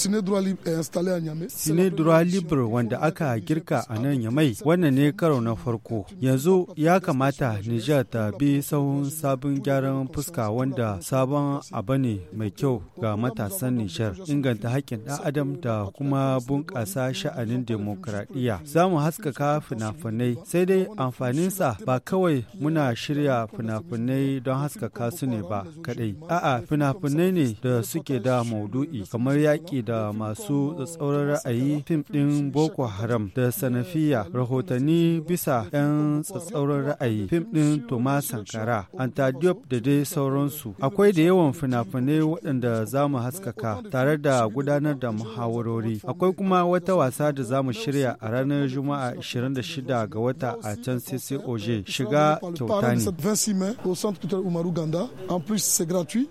Sine eh, Libre wanda aka girka a nan yamai wannan ne karo na farko. Yanzu ya kamata Nijar ta bi sahun sabon gyaran fuska wanda sabon abu ne mai kyau ga matasan Nijar. Inganta haƙƙin ɗan adam da kuma bunƙasa sha'anin demokradiyya. Za mu haskaka fina-finai sai dai amfaninsa ba kawai muna shirya fina-finai don haskaka su ne ba kaɗai. A'a fina-finai ne da suke da maudu'i kamar yaƙi da da masu tsatsauran ra'ayi fim ɗin Boko Haram da Sanafiya rahotanni bisa 'yan tsatsauran ra'ayi fim ɗin Thomas Sankara, Antadiop da dai sauransu. Akwai da yawan fina-finai waɗanda za mu haskaka tare da gudanar da muhawarori. Akwai kuma wata wasa da za mu shirya a ranar Juma'a 26 ga wata a can CCOJ shiga kyauta ne.